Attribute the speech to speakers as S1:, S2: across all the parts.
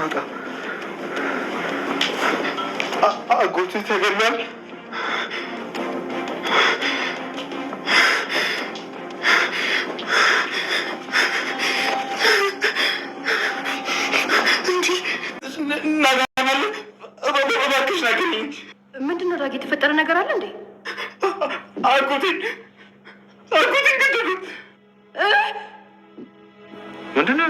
S1: ያውጣ። አጎቱ ተገድሏል።
S2: ምንድን ነው ዳግ? የተፈጠረ ነገር አለ እንዴ?
S1: አጎቴን አጎቴን ገደሉት። ምንድን ነው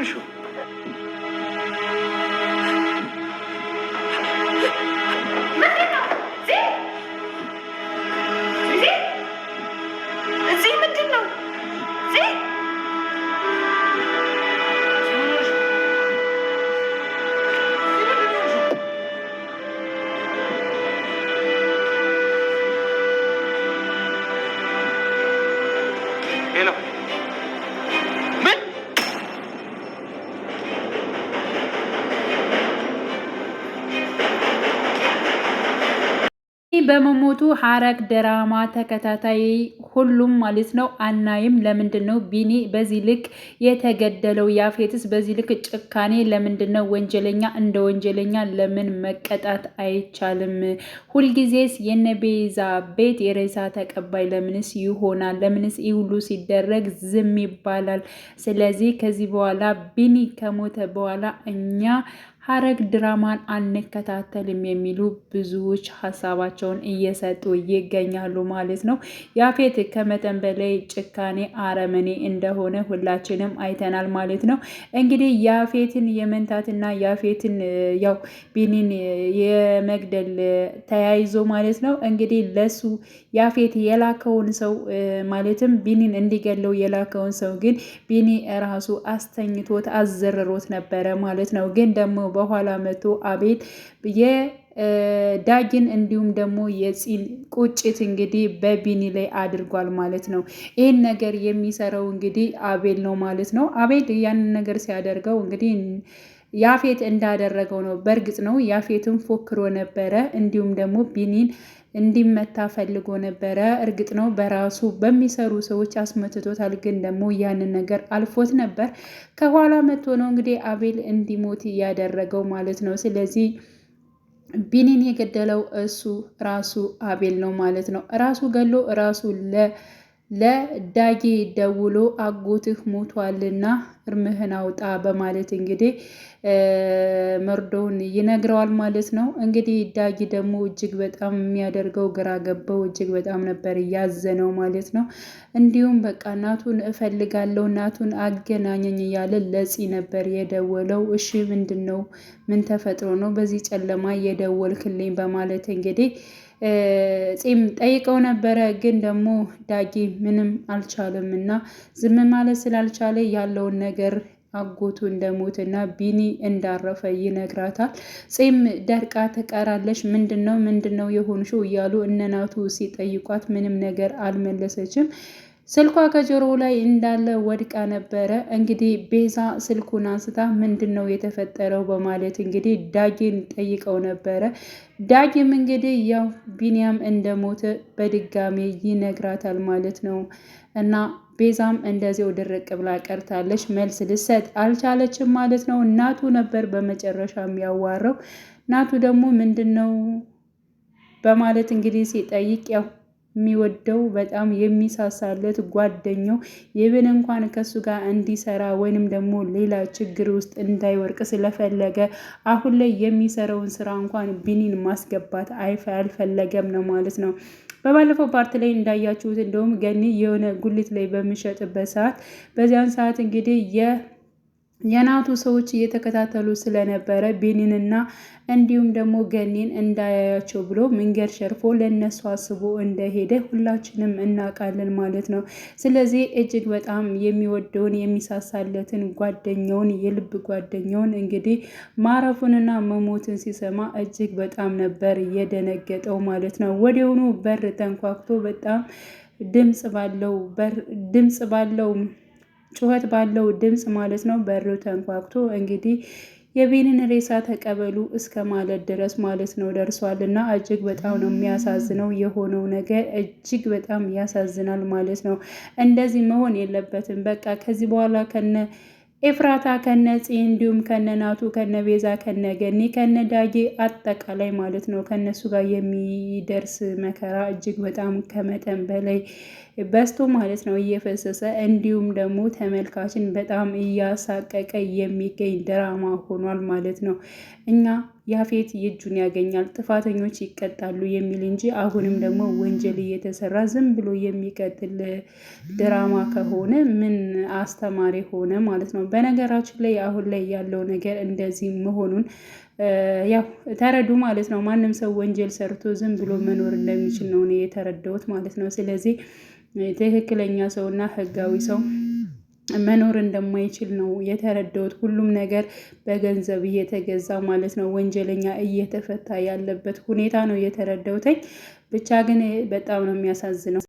S1: ले लो
S3: በመሞቱ ሐረግ ድራማ ተከታታይ ሁሉም ማለት ነው አናይም። ለምንድን ነው ቢኒ በዚህ ልክ የተገደለው? ያፌትስ በዚህ ልክ ጭካኔ ለምንድን ነው? ወንጀለኛ እንደ ወንጀለኛ ለምን መቀጣት አይቻልም? ሁልጊዜስ የነ ቤዛ ቤት የሬሳ ተቀባይ ለምንስ ይሆናል? ለምንስ ይህ ሁሉ ሲደረግ ዝም ይባላል? ስለዚህ ከዚህ በኋላ ቢኒ ከሞተ በኋላ እኛ ሐረግ ድራማን አንከታተልም የሚሉ ብዙዎች ሀሳባቸውን እየሰጡ ይገኛሉ ማለት ነው። ያፌት ከመጠን በላይ ጭካኔ አረመኔ እንደሆነ ሁላችንም አይተናል ማለት ነው። እንግዲህ ያፌትን የመንታትና ያፌትን ያው ቢኒን የመግደል ተያይዞ ማለት ነው እንግዲህ ለሱ ያፌት የላከውን ሰው ማለትም ቢኒን እንዲገለው የላከውን ሰው ግን ቢኒ ራሱ አስተኝቶት አዘርሮት ነበረ ማለት ነው ግን ደግሞ በኋላ መቶ አቤት የዳጅን እንዲሁም ደግሞ የፂን ቁጭት እንግዲህ በቢኒ ላይ አድርጓል ማለት ነው። ይህን ነገር የሚሰራው እንግዲህ አቤል ነው ማለት ነው። አቤል ያንን ነገር ሲያደርገው እንግዲህ ያፌት እንዳደረገው ነው። በእርግጥ ነው ያፌትን ፎክሮ ነበረ እንዲሁም ደግሞ ቢኒን እንዲመታ ፈልጎ ነበረ። እርግጥ ነው በራሱ በሚሰሩ ሰዎች አስመትቶታል፣ ግን ደግሞ ያንን ነገር አልፎት ነበር። ከኋላ መጥቶ ነው እንግዲህ አቤል እንዲሞት ያደረገው ማለት ነው። ስለዚህ ቢኒን የገደለው እሱ ራሱ አቤል ነው ማለት ነው። ራሱ ገሎ ራሱ ለ ለዳጊ ደውሎ አጎትህ ሞቷልና እርምህን አውጣ በማለት እንግዲህ መርዶውን ይነግረዋል ማለት ነው። እንግዲህ ዳጊ ደግሞ እጅግ በጣም የሚያደርገው ግራ ገባው። እጅግ በጣም ነበር እያዘነው ማለት ነው። እንዲሁም በቃ እናቱን እፈልጋለሁ እናቱን አገናኘኝ እያለ ለጺ ነበር የደወለው። እሺ ምንድን ነው? ምን ተፈጥሮ ነው በዚህ ጨለማ የደወልክልኝ? በማለት እንግዲህ ጺም ጠይቀው ነበረ። ግን ደግሞ ዳጊ ምንም አልቻለም እና ዝም ማለት ስላልቻለ ያለውን ነገር አጎቱ እንደሞትና ቢኒ እንዳረፈ ይነግራታል። ጺም ደርቃ ትቀራለች። ምንድን ነው ምንድን ነው የሆንሽው እያሉ እነናቱ ሲጠይቋት ምንም ነገር አልመለሰችም። ስልኳ ከጆሮው ላይ እንዳለ ወድቃ ነበረ። እንግዲህ ቤዛ ስልኩን አንስታ ምንድን ነው የተፈጠረው በማለት እንግዲህ ዳጊን ጠይቀው ነበረ። ዳጊም እንግዲህ ያው ቢኒያም እንደሞተ በድጋሜ ይነግራታል ማለት ነው እና ቤዛም እንደዚው ድርቅ ብላ ቀርታለች። መልስ ልሰጥ አልቻለችም ማለት ነው። እናቱ ነበር በመጨረሻ የሚያዋረው። እናቱ ደግሞ ምንድን ነው በማለት እንግዲህ ሲጠይቅ ያው የሚወደው በጣም የሚሳሳለት ጓደኛው የብን እንኳን ከሱ ጋር እንዲሰራ ወይንም ደግሞ ሌላ ችግር ውስጥ እንዳይወርቅ ስለፈለገ አሁን ላይ የሚሰራውን ስራ እንኳን ቢኒን ማስገባት አልፈለገም ነው ማለት ነው። በባለፈው ፓርት ላይ እንዳያችሁት እንደውም ገኒ የሆነ ጉሊት ላይ በሚሸጥበት ሰዓት በዚያን ሰዓት እንግዲህ የ የናቱ ሰዎች እየተከታተሉ ስለነበረ ቢኒንና እንዲሁም ደግሞ ገኒን እንዳያያቸው ብሎ መንገድ ሸርፎ ለእነሱ አስቦ እንደሄደ ሁላችንም እናውቃለን ማለት ነው። ስለዚህ እጅግ በጣም የሚወደውን የሚሳሳለትን ጓደኛውን የልብ ጓደኛውን እንግዲህ ማረፉንና መሞትን ሲሰማ እጅግ በጣም ነበር የደነገጠው ማለት ነው። ወዲያውኑ በር ተንኳክቶ በጣም ድምጽ ባለው በር ድምጽ ባለው ጩኸት ባለው ድምፅ ማለት ነው በሩ ተንኳክቶ እንግዲህ የቤንን ሬሳ ተቀበሉ እስከ ማለት ድረስ ማለት ነው ደርሷል። እና እጅግ በጣም ነው የሚያሳዝነው የሆነው ነገር እጅግ በጣም ያሳዝናል ማለት ነው። እንደዚህ መሆን የለበትም። በቃ ከዚህ በኋላ ከነ ኤፍራታ ከነ ጽ እንዲሁም ከነ ናቱ ከነ ቤዛ ከነ ገኒ ከነ ዳጌ አጠቃላይ ማለት ነው ከነሱ ጋር የሚደርስ መከራ እጅግ በጣም ከመጠን በላይ በስቶ ማለት ነው እየፈሰሰ እንዲሁም ደግሞ ተመልካችን በጣም እያሳቀቀ የሚገኝ ድራማ ሆኗል ማለት ነው እኛ ያፌት የእጁን ያገኛል፣ ጥፋተኞች ይቀጣሉ የሚል እንጂ አሁንም ደግሞ ወንጀል እየተሰራ ዝም ብሎ የሚቀጥል ድራማ ከሆነ ምን አስተማሪ ሆነ ማለት ነው። በነገራችን ላይ አሁን ላይ ያለው ነገር እንደዚህ መሆኑን ያው ተረዱ ማለት ነው። ማንም ሰው ወንጀል ሰርቶ ዝም ብሎ መኖር እንደሚችል ነው እኔ የተረዳሁት ማለት ነው። ስለዚህ ትክክለኛ ሰውና ህጋዊ ሰው መኖር እንደማይችል ነው የተረዳሁት። ሁሉም ነገር በገንዘብ እየተገዛ ማለት ነው ወንጀለኛ እየተፈታ ያለበት ሁኔታ ነው የተረዳሁትኝ። ብቻ ግን በጣም ነው የሚያሳዝነው።